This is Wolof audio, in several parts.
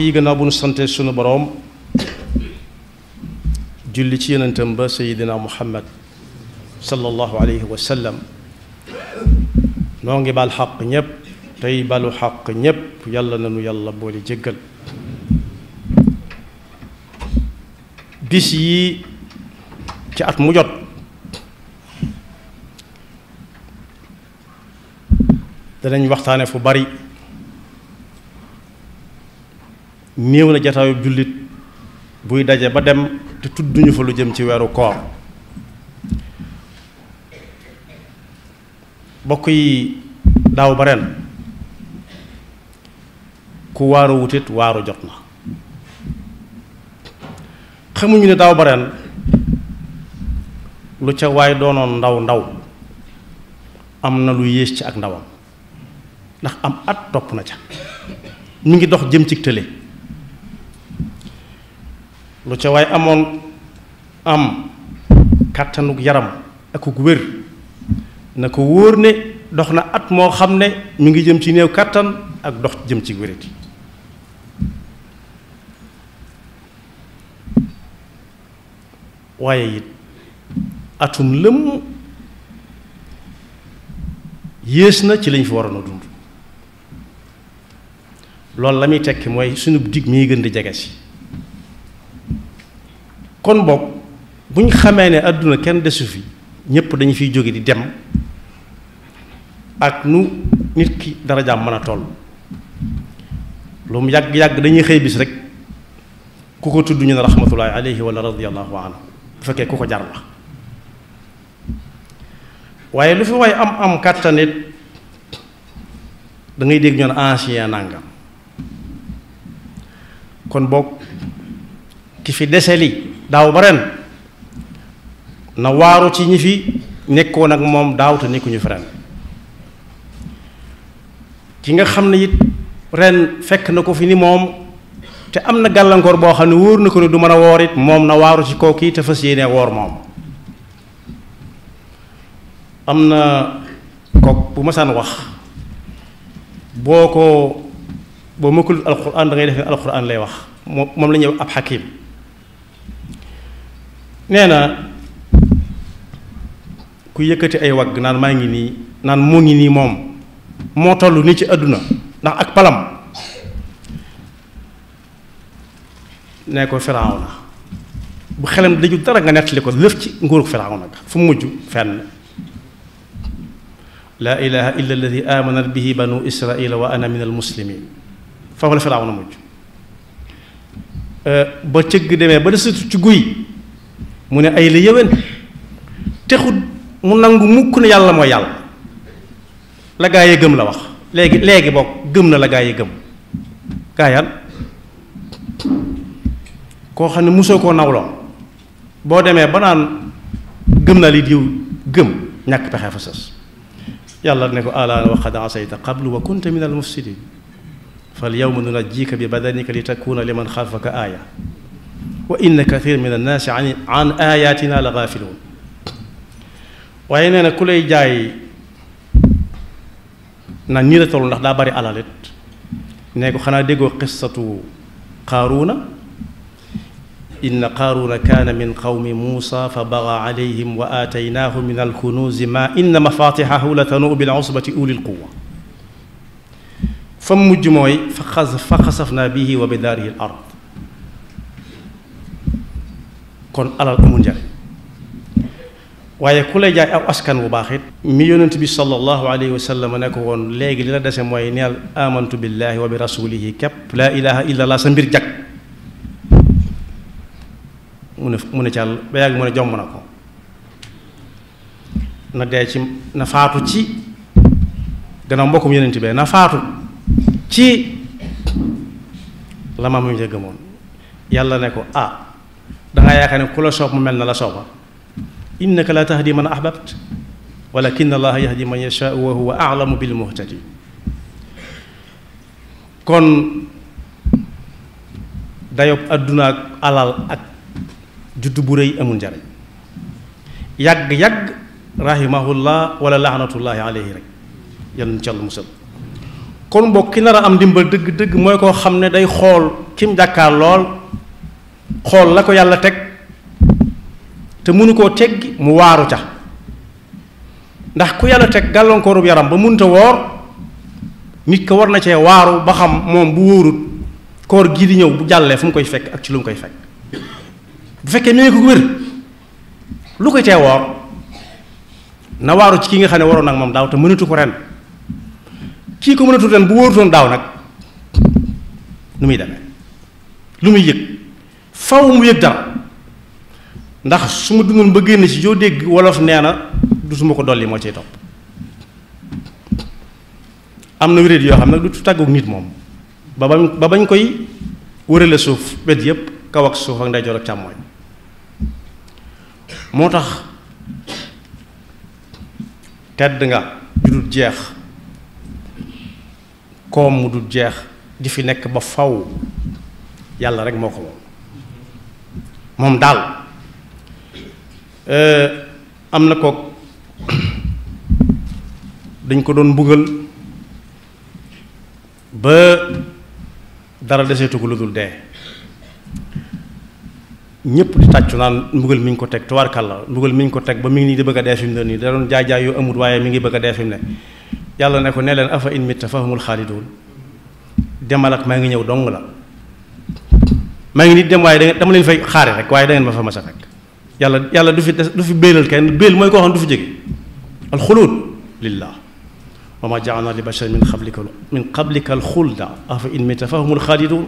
yi gannaaw bu nu sante sunu boroom julli ci yonentam ba sayidina muhammad sallallahu alayhi wa sallam noo ngi baal xaq ñépp tey balu xaq ñépp yàlla na nu yàlla boole jéggal bis yi ci at mu jot danañ waxtaane fu bari néew na jataayu jullit buy daje ba dem te tudduñu fa lu jëm ci weeru koor bokk yi daaw ba ku waaru wutit waaru jot na xamuñu ne daaw ba lu ca waay doonoon ndaw ndaw am na lu yées ci ak ndawam ndax am at topp na ca mu ngi dox jëm ci tële lu ca waay amoon am kàttanug yaram akug wér na ko wóor ne dox na at moo xam ne mi ngi jëm ci néew kàttan ak dox jëm ci wérati waaye it atum lëmm yées na ci lañ fi waroon a dund loolu la muy tekki mooy sunu dig mi gën di jege ci kon boog bu ñu xamee ne àdduna kenn desu fi ñépp dañu fiy jóge di dem ak nu nit ki darajaam mën a toll lu mu yàgg-yàgg dañuy xëy bis rek ku ko tudd ñu ne rahmatullahi alayhi wala radiallahu anhu bu fekkee ku ko jar la waaye lu fi waay am am kàttanit dangay ngay dégg ñoon ancien nangam kon boog ki fi dese li daaw ba ren na waru ci ñi fi nekkoon nak mom daaw te nekkuñu fi ren ki nga xamne yit ren fekk na ko fi ni mom te amna na bo xamne woor ne na ko ne du mën mom. woor it mom na waru ci kooku te fas woor am na kook bu san wax boko ko boo alquran da ngay def alquran lay wax mom lañu ab hakim nee ku yëkëti ay wagg naan maa ngi nii naan mu ngi nii moom moo toll ni ci àdduna ndax ak palam ne ko Firawna bu xelam daju dara nga nettali ko lëf ci nguurug Firawna ga fu mujj fenn laa ilaha illa alladi amanat bihi banu israila wa ana min almuslimin foofu la Firawna mujj ba cëgg demee ba desatu ci guy mu ne ay la yëwén texut mu nangu mukk ne yàlla mo yàlla la gaa gëm la wax léegi léegi bok gëm na la gaa gëm kayal ko xamne muso ko nawlo bo deme demee ba naan gëm na li diw gëm ñak pexe fa sos yàlla ne ko ala wa qad asayta qablu wa kunta min al mufsidin fal yawma nunajjika bi badanika li takuna liman xalfaka aaya وإن كثير من الناس عن عن آياتنا لغافلون وإن أنا كل جاي نانيرة تقول نحن باري على لد نيجو خنا ديجو قصة قارون إن قارون كان من قوم موسى فبغى عليهم وآتيناه من الكنوز ما إن مفاتحه لتنوء بالعصبة أولي القوة فمجموي فخسفنا به وبداره الأرض kon alal amul njariñ waaye ku lay jaay aw askan wu baax it mi yonent bi sallallahu alayhi wa sallam ne ko woon léegi li la dese mooy neel amantu billahi wa bi rasulihi kep la ilaha illa allah sa mbir jag mu ne mu ne càll ba yàgg mu ne jomm na ko na dee ci na faatu ci gannaaw mbokkum yonent bee na faatu ci la maam mi gëmoon yàlla ne ko ah dangaa yaakaar ne ku la soob mu mel na la sooba innaka la tahdi man ahbabt walakin allah yahdi man yasha wa huwa alamu bil muhtadi kon dayob aduna ak alal ak juddu bu rëy amul njarin yag yag rahimahullah wala lahnatullah alayhi rek yalla ci allah musal kon mbok ki nara am dimbal deug deug moy ko xamne day xol kim dakar lol xool la ko yàlla teg te mënu koo teggi mu waaru ca ndax ku yàlla teg gàllankoorub yaram ba mënta woor nit ko war na cee waaru ba xam moom bu wóorut koor gii di ñëw bu jàllee fu mu koy fekk ak ci lu mu koy fekk bu fekkee mee ko wér lu ko tee woor na waaru ci ki nga xam ne waroon nag moom daaw te mënatu ko ren kii ko mënatu ren bu wóorutoon daaw nag nu muy demee lu muy yëg faw mu yëg dara ndax su ma dundoon ba génn ci yoo dégg wolof nee na du su ma ko dolli moo ciy topp am na wéréet yoo xam ne du tàggu nit moom ba bañ ba bañ koy wërale suuf wet yépp kaw ak suuf ak ndeyjoor ak càmmooñ moo tax tedd nga ju dul jeex koom mu dul jeex di fi nekk ba faw yàlla rek moo ko moom mom dal eh, am amna ko dañ ko doon mbugal ba dara de setu dul dee di taccu naan mbugal miñ ko tek teg kala mbugal miñ ko tek ba miñ ni di bëgg def dee ni da doon jaay jaay yu amut waye mi ngi bëgg def ne yalla ne ko ne len afa in mitta fahumul demal ak ma ngi ñew dong la maa ngi nit dem waaye da ngeen dama leen fay xaare rek waaye da ngeen ma fa mas a fekk yàlla yàlla du fi du fi béelal kenn béel mooy koo xam ne du fi jóge alxuluud lillah wa ma jaalna li bashar min qablika min qablika alxulda afa in mita fahum alxaalidun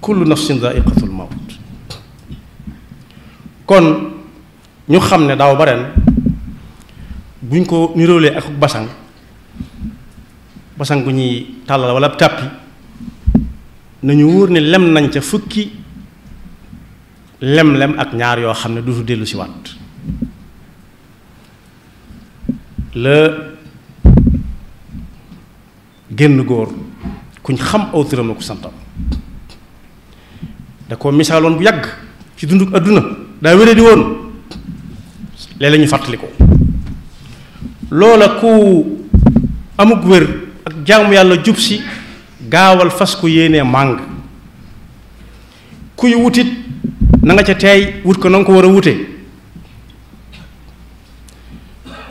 kullu nafsin daiqatul mawt kon ñu xam ne daaw ba ren buñ ko niróolee ak basang basang gu ñuy tàllal wala tàppi nañu wóor ne lem nañ ca fukki lem-lem ak ñaar yoo xam ne du dellu si waat la génn góor kuñ xam aw turam na ko santam da ko misaaloon bu yàgg ci dundu àdduna daa wéré di woon léeg la ñu fàttali loola ku amuk wér ak jaamu yàlla jub si gaawal fas ko yéenee màng kuy wutit na ca teey wut ko na ko war a wute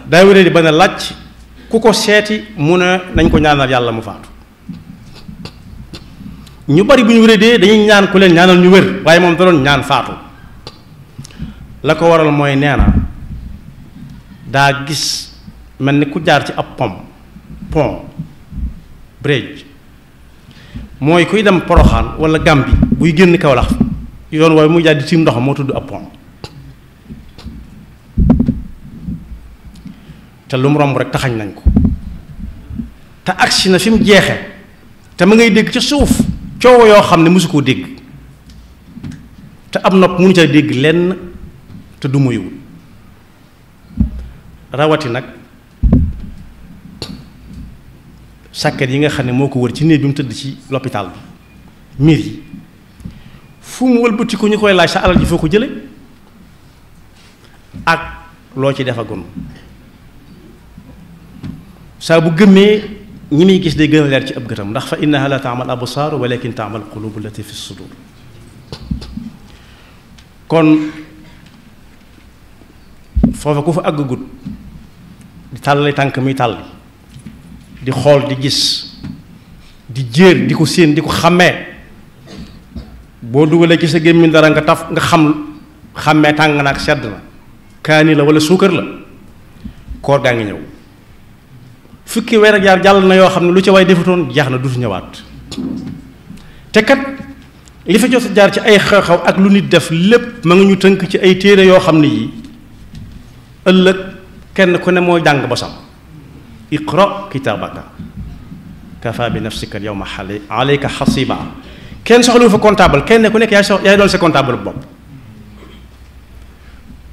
day wéré ba ne laaj ku ko seeti mu ne nañ ko ñaanal yàlla mu faatu ñu bari bu ñu wéradee dañuy ñaan ku leen ñaanal ñu wér waaye moom da doon ñaan faatu la ko waral mooy nee na daa gis mel ni ku jaar ci ab pom pont bridge mooy kuy dem Poroxaan wala Gàmbi buy génn Kawlax yoon waaye muy jàdd tiim ndox moo tudd ab pont te lu mu romb rek taxañ nañ ko te agsi na fi mu jeexe te ma ngay dégg ca suuf coow yoo xam ne mosu koo dégg te ab nopp mënu ca dégg lenn te du muyul rawati nag sàkket yi nga xam ne moo ko wër ci néeg bi mu tëdd ci l'hôpital bi miir yi fu mu wëlbati ko ñu koy laaj sa alal ji foo ko jële ak loo ci defagun saa bu gëmmee ñi muy gis day gën a leer ci ab gëtam ndax fa innaha la taamal absaar walakin taamal qulubu lati fi sudur kon foofa ku fa àggagut di tàllale tànk muy tàll di xool di gis di jéer di ko séen di ko xàmmee boo dugalee ci sa gémmi dara nga taf nga xam xàmmee tàng na ak sedd na kaani la wala suukar la koor gaa ngi ñëw fukki weer jàll na yoo xam ne lu ci way defutoon jeex na du dutu ñëwaat te kat li fi jot jaar ci ay xew-xew ak lu nit def lépp ma nga ñu tënk ci ay téere yoo xam ne yii ëllëg kenn ku ne moo jàng ba sam اقرا كتابك كفى بنفسك اليوم عليك حصيبا كان سخلو في كونتابل كان نكون لك يا دول سي كونتابل بوب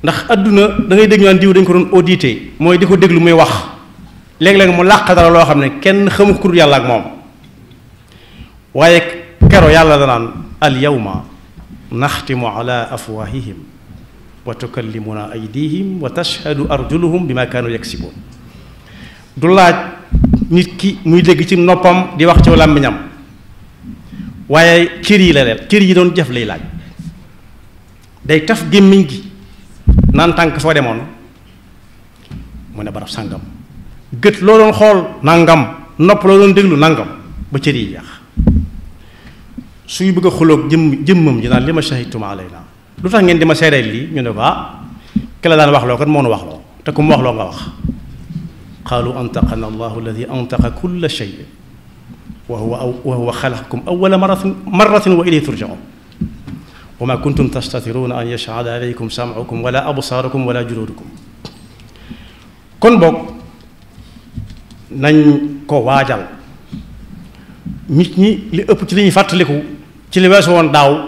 ناخ ادنا دا غاي ديغ نان ديو دنج كون اوديتي موي ديكو ديغلو مي واخ ليك ليك مو لاخدار لو خامني كين خمو كور يالا اك موم واي كارو يالا دا نان اليوم نختم على افواههم وتكلمنا ايديهم وتشهد ارجلهم بما كانوا يكسبون du laaj nit ki muy dégg ci noppam di wax ci làmmiñam waaye cër yi la leen cër yi doon jëf lay laaj day taf gémmiñ gi naan tànk foo demoon mu ne barab sàngam gët loo doon xool nangam nopp loo doon déglu nangam ba cër yi jeex suy bëgg a xuloog jëmm jëmmam ji naan li ma shahidtum alayna lu tax ngeen di ma seedeel lii ñu ne ko ah ki daan wax loo kat moo nu wax loo te ku mu wax loo nga wax قالوا أنطقنا الله الذي أنطق كل شيء وهو وهو خلقكم أول مرة مرة وإليه ترجعون وما كنتم تستترون أن يشهد عليكم سمعكم ولا أبصاركم ولا جلودكم كن بوك نن كو واجال نيت ني لي اوب داو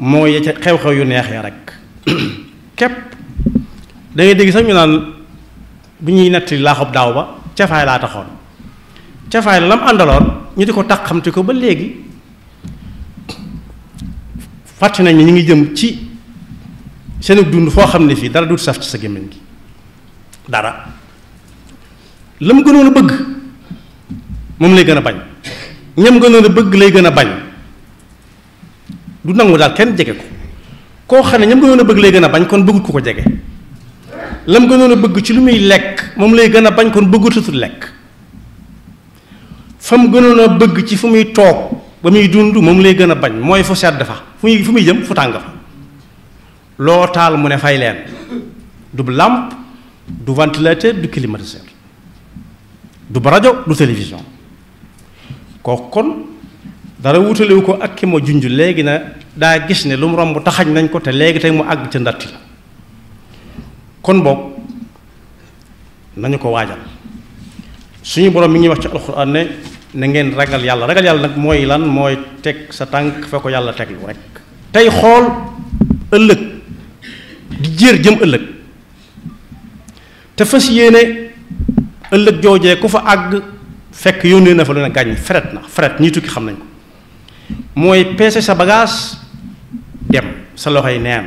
مو يي خيو خيو يو كيب داي ديغي سام bu ñuy nettali laaxub daaw ba cafaay laa taxoon cafaay la lam àndaloon ñu di ko taqamti ko ba léegi fàtt nañ ne ñu ngi jëm ci seen dund foo xam ne fii dara du saf ci sa gémmiñ gi dara la mu gënoon bëgg moom lay gën a bañ ñam gënoon a bëgg lay gën a bañ du nangu daal kenn jege ko koo xam ne ñam gënoon a bëgg lay gën a bañ kon bëggut ku ko jege lam gënoon a bëgg ci lu muy lekk moom lay gën a bañ kon bëggatutul lekk fa mu gënoon a bëgg ci fu muy toog ba muy dund moom lay gën a bañ mooy fu sedd fa fu muy jëm fu tàng fa loo taal mu ne fay leen du làmp du ventilateur du climatiseur du rajo du télévision kooku kon dara wutalewu ko ak ki ma junj léegi na daa gis ne lu mu romb taxañ nañ ko te léegi tey mu àgg ca ndatti la kon boog nañu ko waajal suñu borom bi ngi wax ci alxuraan ne na ngeen ragal yàlla ragal yàlla nag mooy lan mooy teg sa tànk fa ko yàlla teglu rek tey xool ëllëg di jéer jëm ëllëg te fas yéene ëllëg joojee ku fa àgg fekk yónnee na fa lu ne gàññ na fret ñi tukki xam nañ ko mooy peese sa bagaas dem sa loxoy neen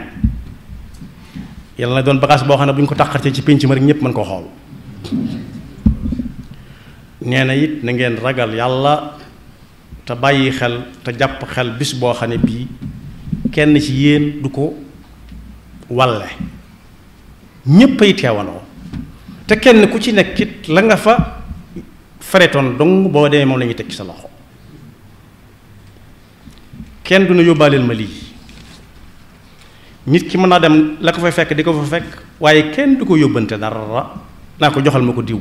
Yalla na doon bagage bo kotak buñ ko takkarte ci pinch ma rek ko xol neena na na ngeen ragal yalla ta bayyi xel ta japp xel bis bo xamne ken kenn ci yeen du ko walle ñépp ay teewandoo te kenn ku ci nek kit la nga fa feretoon dong bo démé moom la ñuy teg ci sa loxo kenn du na ma li nit ki mën naa dem la ko fa fekk di ko fa fekk waaye kenn du ko yóbbante dara naa ko joxal ma ko diw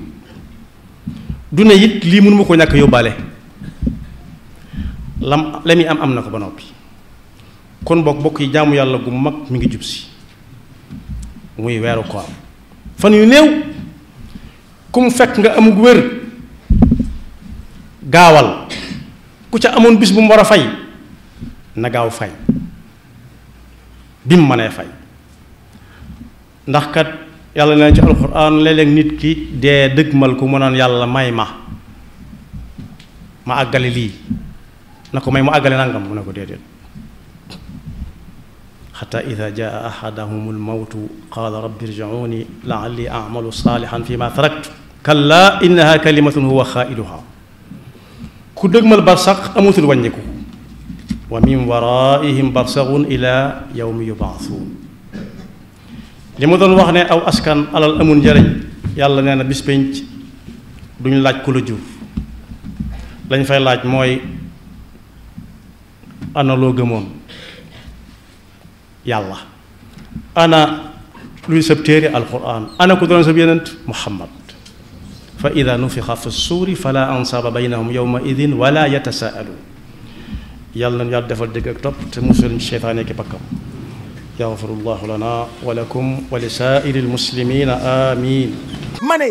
dune it lii mënu ma ko ñàkk yóbbaale lam la muy am am na ko ba noppi kon bokk bokk yi jaamu yàlla gu mag mu ngi jub si muy weeru koor fan yu néew ku fekk nga am gu wér gaawal ku ca amoon bis bu mu war a fay na gaaw fay bi mu mënee fay ndax kat yàlla nee ci alxuraan léeg-léeg nit ki dee dëgmal ku mu naan yàlla may ma ma àggale lii na ko may mu àggale nangam mu ne ko déedéet xata ida jaa axadahum almawtu qaala rabbi irjiuni laalli amalu saalixan fi ma taraktu kalla innaha kalimatun huwa xaailuha ku dëgmal barsax amatul wàññiku ومن waraihim barsaxun ila yawmi yubaasuun li mu doon wax ne aw askan alal amul njëriñ yàlla nee na bis pénc duñ laaj ku la jur lañ fay laaj mooy ana loo gëmoon yàlla ana luy sab téere alquran ana ku doon sab yenent muhammad fa ida nufixa fi suuri fala ansaba baynahum yawma idin wala yatasaaluun يالله يا دفر دقيق طب تمسل الشيطان يكبكم يغفر الله لنا ولكم ولسائر المسلمين آمين ماني.